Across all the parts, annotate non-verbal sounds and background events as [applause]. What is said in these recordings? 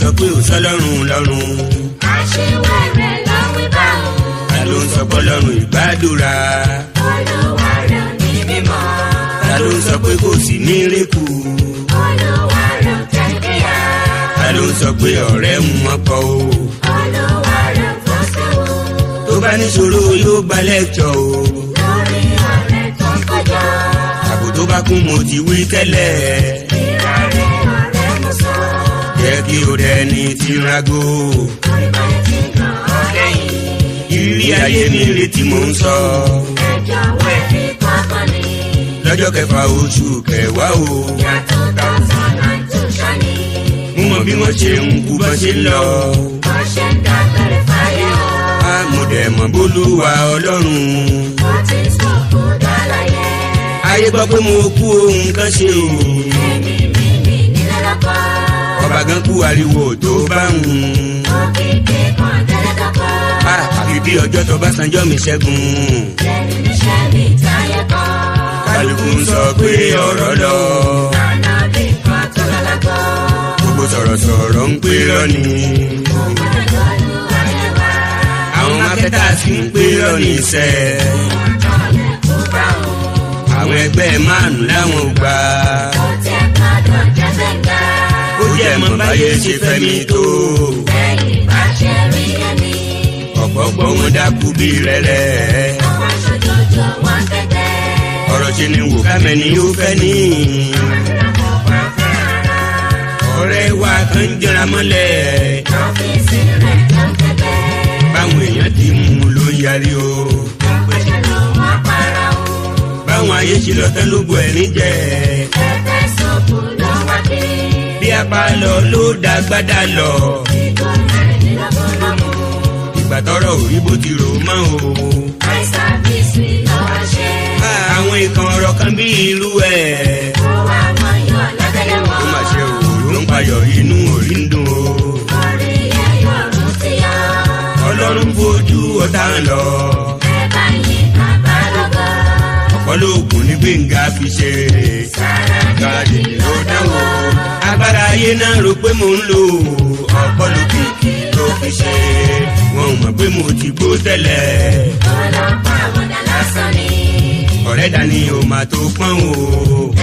sọ pé ò sọlọ́run lọ́run. àṣewẹ̀rẹ̀ ló wí báwọn. ta ló ń sọ pé ọlọ́run ìgbàdúrà. olúwa rẹ̀ ò ní mímọ́. ta ló ń sọ pé kò sí ní rékù. olúwa rẹ̀ jẹ́ kíá. ta ló ń sọ pé ọ̀rẹ́ ń mọ́kọ o. olúwa rẹ̀ fọ́ sí o. tó bá níṣòro yóò gba lẹ́jọ́ o. lórí ọ̀rẹ́ tó kọjá. àbò tó bá kún mo ti wí tẹ́lẹ̀. ìrọ̀lẹ́ ọ̀rẹ́ mo sọ jẹ́ kí o dẹni tí ń rago. ìrírí ayé mi retí mò ń sọ. ẹjọ́ wẹ̀ fi kọ́kọ́ ni. lọ́jọ́ kẹfà oṣù kẹwàá o. yàtọ̀ tó sọ̀nà tó sani. mo mọ bí wọ́n ṣe ń kú bá ṣe ń lọ. wọ́n ṣe ń dágbére fáyọ̀. a mọ̀ dẹ̀ mọ̀ bólúwa ọlọ́run. wọ́n ti sọ kó dọ́là yẹn. ayé gbọ́ pé mo kú ohun kan ṣe o. ẹni mi ni nílẹ̀ ọba gan kú ariwo tó bá ń. òkìkí kan tẹ́lẹ̀ kọ́kọ́. àkìkí ọjọ́ tó bá sanjọ́ mi ṣẹ́gun. lẹ́nu níṣẹ́ mi táyé kọ́. kálukú ń sọ pé ọ̀rọ̀ lọ. àná bí nǹkan tó lọ lágọ̀. gbogbo sọ̀rọ̀sọ̀rọ̀ ń pè lọ́ni. òkú ẹ̀jọ̀ ló wà lẹ́wà. àwọn mákẹ́tà sì ń pè lọ́ni iṣẹ́. àwọn ẹgbẹ́ márùn-ún láwọn gbà jẹ́ mọ báyé ṣe fẹ́ mi tó. lẹ́yìn bá ṣe rí ẹni. ọ̀pọ̀gbọ́n wọn dákú bí rẹ̀rẹ̀. àwọn aṣojọjọ wọn tẹ́tẹ́. ọ̀rọ̀ ṣe ni wò kámẹ́ ni yóò fẹ́ ní. ọ̀rẹ́ wa kan jọra mọ́lẹ̀. ọ́fíìsì rẹ̀ kan tẹ́tẹ́. báwọn èèyàn ti mú un ló ń yarí o. ọ̀pẹ̀ṣẹ̀ ló wọ́n para o. báwọn ayé ṣe lọ́tẹ́ ló bọ̀ ẹ̀ níjẹ́. ẹ yapa lọ ló dàgbàdà lọ. ìgbà tọrọ òrí bó ti rò mọ́ o. àìsàn bíi sí lọ́wọ́ àwọn ìkan ọ̀rọ̀ kan bí irú ẹ̀. ó wà mọ́ yọ lọ́tẹ̀lẹ̀ ń payọ̀ inú orí ń dùn o. ọlọ́run fojú ọ̀tá lọ. ọ̀pọ̀lọpọ̀ ní gbẹ̀ngà fi ṣe. sára kàdé ló dáwọ́ agbára ayé náà rò pé mò ń lò ọpọlọ kìkì ló fi ṣe wọn ò mọ̀ pé mo ti gbó tẹ́lẹ̀. ọlọ́pàá àwọ̀dà lásán ni. ọ̀rẹ́ dání o máa tó pọ́n o.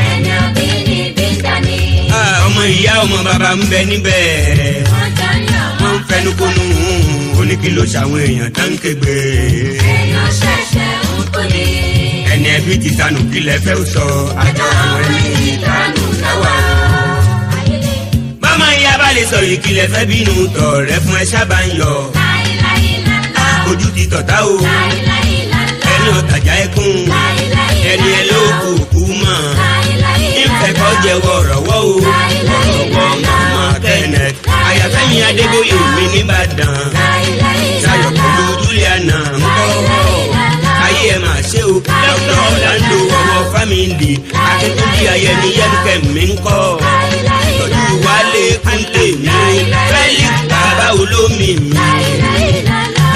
ẹni ọbí ni bí ń dání. ọmọ ìyá ọmọ bàbá ń bẹ níbẹ̀. wọ́n jọ ń yọ̀ wọ́n fẹnukonu oníkìlọ̀ ṣàwọn èèyàn tá ń kégbe. èèyàn ṣẹ̀ṣẹ̀ ń kọ́lé. ẹni ẹbí ti sànù kílẹ̀ fẹ́ sọ àjọ àwọn ẹni ìdánù náwà lè sọ yìí kílẹ̀ fẹ́ bínú tọ̀rẹ́ fún ẹ sábà ń yọ. ojú ti tọ̀tá o ẹni ọ̀tàjà ẹkún ẹni ẹ ló kù kú mọ̀ ìfẹ̀kọ́ jẹ́wọ́ rọ̀wọ́ o ọ̀rọ̀wọ́ màmá kenneth àyàfẹ́yìn adégbòye mi nìbàdàn sayọ̀ pẹ̀lú juliana ń kọ́ ayé ẹ̀ máa ṣe o dr orlando ọwọ́ fámìlì akíntúndì ayẹni yẹn kẹ́mi ń kọ́ ń pè mí Felix bàbá olómi mi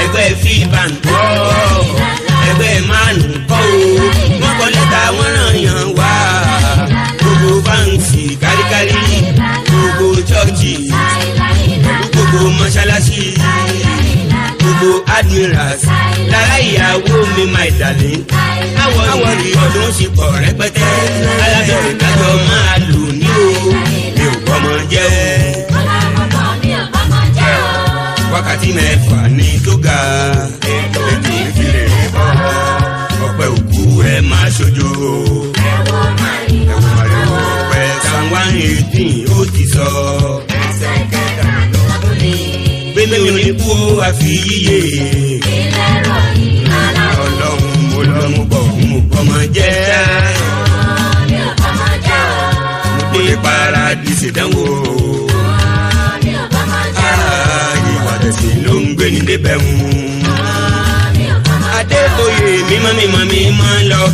ẹgbẹ́ fíìbà ń kọ́ ẹgbẹ́ márùn kọ́ o wọ́n kọ́ lẹ́tà wọ́n ràn yàn wá gbogbo fáǹsì káríkárí gbogbo chọ́ọ̀chì gbogbo mọ́ṣáláṣí gbogbo admirals lára ìyàwó mi máa dàlẹ́ àwọn ìrì ọdún ṣe pọ̀ rẹpẹtẹ alábẹ̀rẹ̀ dájọ́ máa lò ní o mi ò gbọ́mọ jẹ́ o. wákàtí mẹ́fà ní tó ga ètò ìfilè bọ̀ ọ̀pẹ́ òkú ẹ̀ máa ṣojo. ẹ̀wọ̀n màrìwò ọ̀pẹ́ sàwọn èdìn ó ti sọ. ẹsẹ̀ kẹta ló kún ní. gbélé oníkú àfi yíyé. ilé rọ̀ yìí lọ́la. ọlọ́run mo lọ mo bọ̀ mo kọ́ mọ jẹ́. mo lè paradísì dánwò. ẹ̀sìn ló ń gbé ní débẹ̀ ń. Adébóyè mímọ́ mímọ́ mímọ́ lọ́ọ́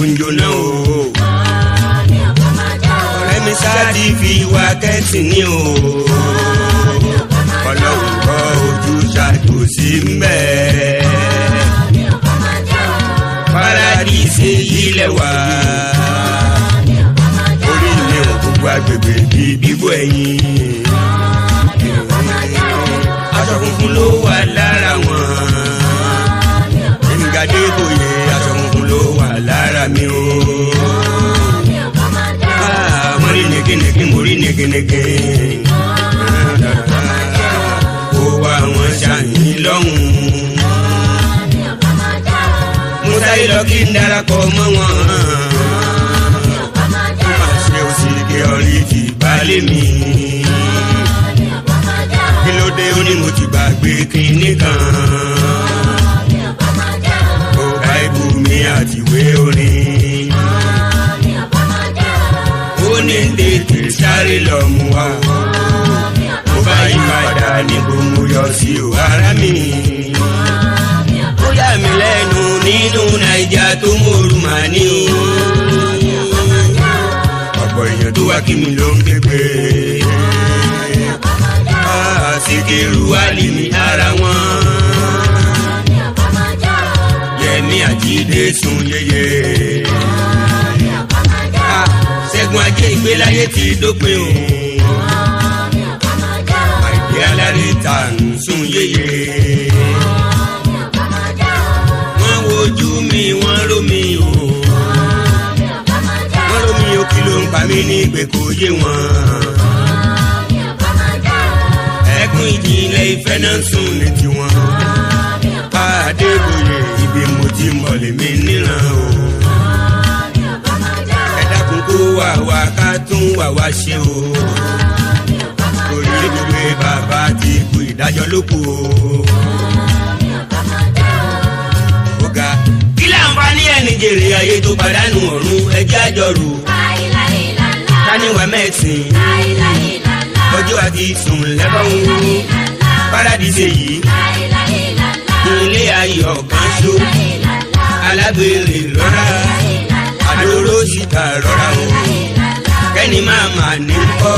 gbòǹjọ̀nà o. ọ̀rẹ́ mi sáàdì fi ìwà kẹ́sì ní o. ọlọ́run kọ́ ojú ṣàtò sí mbẹ́. paradíìsì yìí lẹ́wà. orí mi ò gbogbo agbègbè bíi bíbó ẹ̀yìn. aṣọ funfun ló wà lára wọn. nígbà dé bòyí lára mi o. Ah, mo rí negenege mo rí negenege. Ah, ó wá wọn ṣàyìn lọ́hùn-ún. mo sáré lọ kí n darapọ̀ mọ́ wọn. àṣẹ òsìlèkè ọ̀rí ti balẹ̀ mi. kí ló dé ó ní mo ti gbàgbé kinní kan. àìbù mi àti ìwé orin. yọ sí o ara mi. ó yà mí lẹ́nu nínú naija tó mòrú màá ní o. ọ̀pọ̀ èèyàn tó wá kí mi ló ń ké pé. Ah, Sikiru Alimi ara wọn. Yẹmi Àjídé sun yeye. Ah, Ṣẹ́gun Ajé ìgbélayé ti dópin òun. pa mí ní ìpè kò yé wọn. ẹkún ìjìnlẹ̀ ìfẹ́ náà ń sùn ní tiwọn. Adébóyè ibi mo ti mọ̀ mi níran o. ẹ dákun kó wà wá ká tún wà wá ṣe o. orí gbogbo bàbá ti kú ìdájọ́ ló kù o. kí láǹfààní ẹni jèrè ayé tó pàdánù ọ̀run ẹjẹ́ àjọrò táníwá mẹ́sìn ọjọ́ àti sùn lẹ́bọ̀n paradíṣe yìí ilé ayọ̀ kan ṣó alágbèrè lọ́ra àdóró síta rọra o kẹ́ni máa mà ní kọ́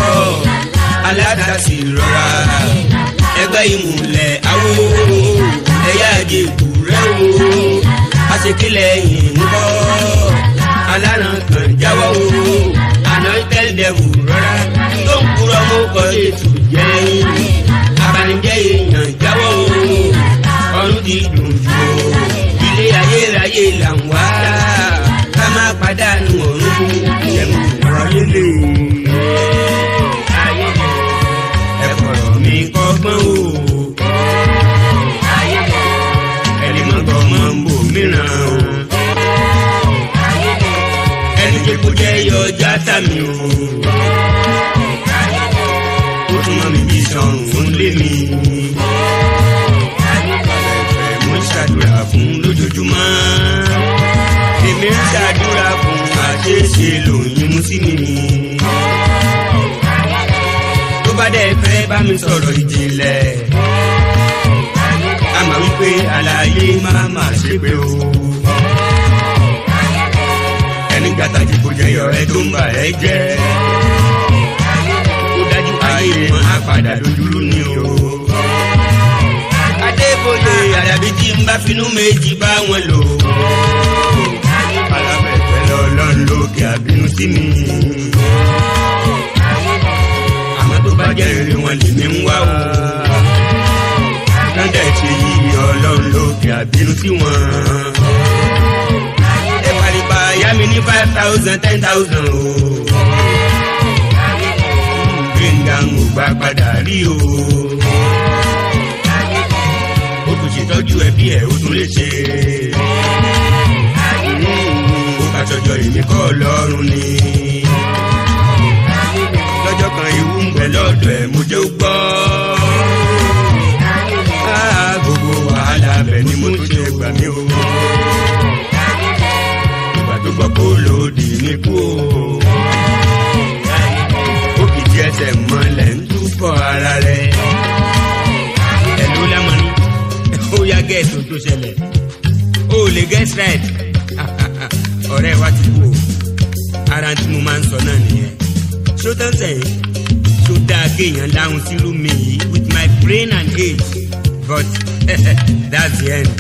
aládàsí rọra ẹgbẹ́ ìmùlẹ̀ awo ẹ̀yà àjẹkù rẹ̀ o àṣekílẹ̀ yìí. dẹ̀wù rárá tó ń kúrọ́ mú kọ́ ètò jẹ́yìn abanijẹ́ èèyàn jáwọ́ òun ọdún ti dùn jù ó ilé ayérayé là ń wá ká má pàdánù ọ̀run ẹ̀mú ayé lè ayé lè mi kọ́gbọ́n o. o. ẹni jẹ́ kó ṣe lò ní mùsùlùmí mi. tó bá dẹ̀ fẹ́ bá mi sọ̀rọ̀ ìjìnlẹ̀. a máa wípé àlàyé máa máa ṣe pé o. ẹni gàtàjì kò jẹyọ ẹ tó ń bà ẹ jẹ. ó dájú ayé wọn á padà dojúrú ni o. adébóyè àyàbí tí ń bá finú méjì bá wọn lò. alábẹ́ ọlọ́run lókè àbínú sí mi. àmọ́ tó bá jẹ́ rere wọn lè mí ń wá o. kán dẹ̀ ṣe yí ọlọ́run lókè àbínú sí wọn. ẹ pàlìpà yá mi ní five thousand ten thousand o. gbẹ̀ngà ń gbà padà rí o. o tún ṣètọ́jú ẹbí ẹ̀ o tún lè ṣe é lọ́jọ́ èmi kọ́ lọ́rùn ni. lọ́jọ́ kan ìwú ń bẹ lọ́dọ̀ ẹ̀ mo jẹ́ gbọ́. Ah, gbogbo wàhálà bẹ̀ ni mo tún jẹ gbà mí o. ìgbà tó gbọ́ kó lòdì ní kú o. ó kì í di ẹsẹ̀ mọ́lẹ̀ ń túbọ̀ ara rẹ̀. ẹ̀ ló lámọ́ ni ó yá gẹ̀ẹ́sì tó ṣẹlẹ̀ ó lè gẹ̀ẹ́sì rẹ̀ ọ̀rẹ́ wa ti kú o ara tí mo máa ń sọ náà nìyẹn ṣó tán dáa kéèyàn dáhùn sílù mi yìí with my brain and age but [laughs] that's the end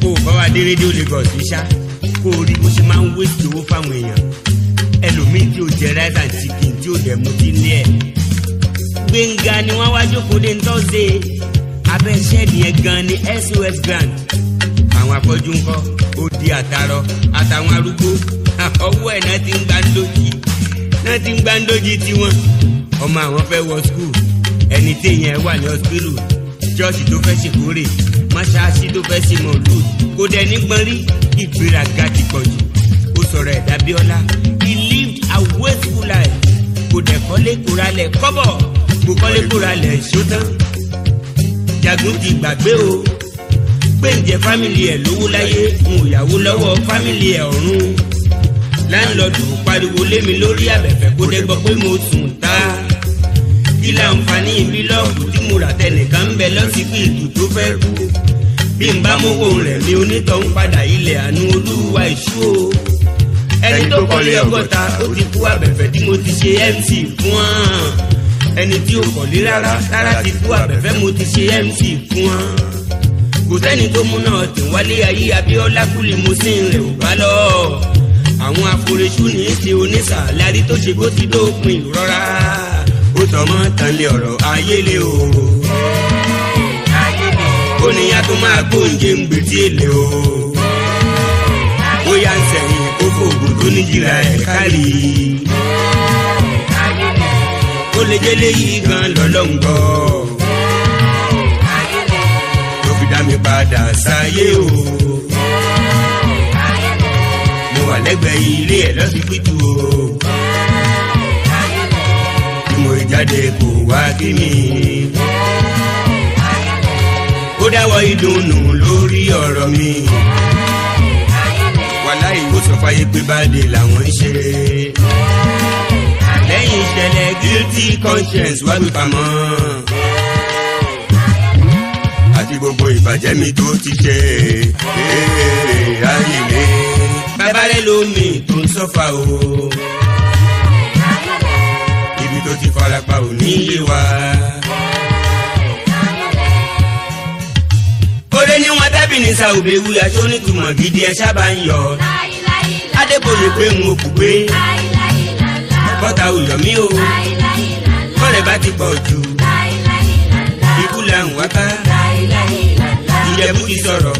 kó o bá wa dé rédíò Lagos yìí ṣá kó o rí bó ṣe máa ń wéṣì owó fáwọn èèyàn ẹlòmíì tí o jẹ rice and chicken tí o dẹ̀ mú ti lé ẹ̀ gbẹ̀ngà ni wọ́n wá jókòó dé ń tọ́ ṣe abẹ́ ṣẹ́ẹ̀dì gan ni SOS grant àwọn afọ́jú ńkọ́ odi àtàrọ àtàwọn arúgbó [laughs] ọwọ́ ẹ̀ náà ti ń gbá ńlójì náà ti ń gbá ńlójì tiwọn ọmọ àwọn fẹ́ wọ skul ẹni téèyàn wà ní ọsibírù ṣọ́ọ̀ṣì tó fẹ́ ṣèkórè mọ́ṣáláṣí tó fẹ́ ṣe mọ̀lúù kó dẹ nígbọ́n rí ìgbéraga ti pọ̀ jù ó sọ̀rọ̀ ẹ̀dá bíọ́lá he lived a wasteful life kò dẹ̀ kọ́lé kóralẹ̀ kọ́bọ̀ kò kọ́lé kóralẹ̀ ṣótán jagun ti gbàgbé o pé ǹjẹ́ fámìlì ẹ̀ lówó láyé n ò yàwó lọ́wọ́ fámìlì ẹ̀ ọ̀run láńlọ́ọ̀dù pariwo lé mi lórí àbẹ̀fẹ́ kó dé gbọ́ pé mo sùn tá kí láǹfààní bílọ́ọ̀kù tí mo rà tẹnìkan ń bẹ lọ́sibítù tó fẹ́ kú bí n bá mówó rẹ̀ mi onítọ̀ ń padà ilẹ̀ àánú olúwa ìṣú o ẹni tó kọ́lé ọgọ́ta ó ti kú àbẹ̀fẹ́ tí mo ti ṣe MC fún wa ẹni tí ó kọ́lé rárá rárá ti kú àbẹ̀fẹ́ mo ti ṣe MC fún wa kò sẹ́ni tó múná tì wálé ayé abíọ́lá kúlì mo sì ń rẹ̀ ò bá lọ. àwọn àforíṣú ní í ṣe oníṣà lárí tó ṣe bó ti dópin ìrora ó tọmọ tánlé ọ̀rọ̀ ayé o. ó ní a tó máa gbóúnjẹ ń gbèjì èlé o. ó yà ń sẹ̀yìn kó fòògùn tó níjìlá ẹ̀ kárí. ó lè jẹ́ léyìí gan lọ́lọ́ ń gbọ́ mi padà sáyé o. mo wà lẹ́gbẹ̀ẹ́ ilé ẹ̀ lọ́sibítù o. bí mo jáde kò wá kí mi. ó dáwọ́ ìdùnnú lórí ọ̀rọ̀ mi. wàhálà ìwòsàn fàyè pé báde làwọn ń ṣe. lẹ́yìn ìṣẹ̀lẹ̀ guilty conscience wá mi pamọ́ fi gbogbo ìbàjẹ́ mi tó ti jẹ́ èrè ayé lé. bàbáre lómi tó ń sọ́fà o. ibi tó ti farapa ò ní yé wa. oore ni wọn tábìlì sa òbẹ̀wù aṣọ onítumọ̀ gidi ẹ sábà ń yọ. adébóyè pé n ò kú pé. bọ́tà ò yọ mí o. kọ́lẹ̀ bá ti pọ̀ jù. Ìjẹ̀bú ti sọ̀rọ̀.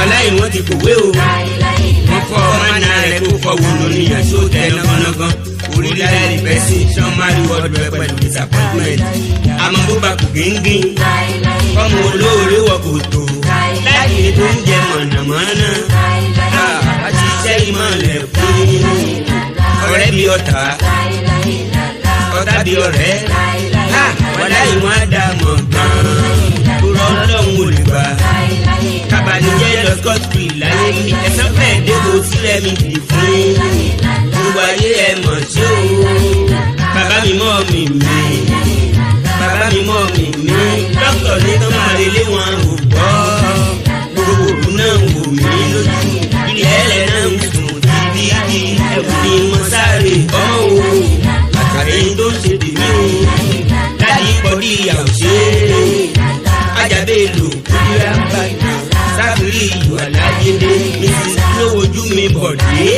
Ọ̀la ìwọ̀n ti kòwé o. Wọ́n kọ́ ọmọnà rẹ̀ kó kọ́ wò ló níyàn tó tẹ̀ lọ́gánlọ́gán. Orílẹ̀ èdè bẹ́sìn sàn máa rí wọ́ọ̀dù rẹ̀ pẹ̀lú disappointment. Àmọ́ bó ba kò gíngín. Ọmọ olóore wọ kò tó. Láyé tó ń jẹ mọ̀nàmọ́ná. A ti sẹ́ ìmọ̀lẹ̀ fún ọ̀rẹ́ bí ọ̀tá. Ọ̀tá bí ọ̀rẹ́. Ọ̀la ìwọ̀n á dà mọ̀ gan-an ọlọ́run ò lè gbà. kábàlìjẹ́ lọ scottsville láyé mi ẹ̀sán fẹ́ẹ́ dégbò sílẹ̀ mi dì fún gbogbo ayé ẹ̀ mọ̀ tí ó bàbá mi mọ́ mi mi bàbá mi mọ́ mi mi dókítà ní kán máa relé wọn ò gbọ́ gbogbo òru náà wò mí lójú ilé ẹlẹ́ náà ń sùn dídí ẹ̀wù ni mo sáré bọ́ o àkàrẹ́ tó ń ṣe tèmi o láti pọ̀ bí ìyàwó ṣe é alájà bello kúrẹ́ ń bàjẹ́ sábìrì ìwà láyé dé èsì lówó ojú mi bọ̀ dé.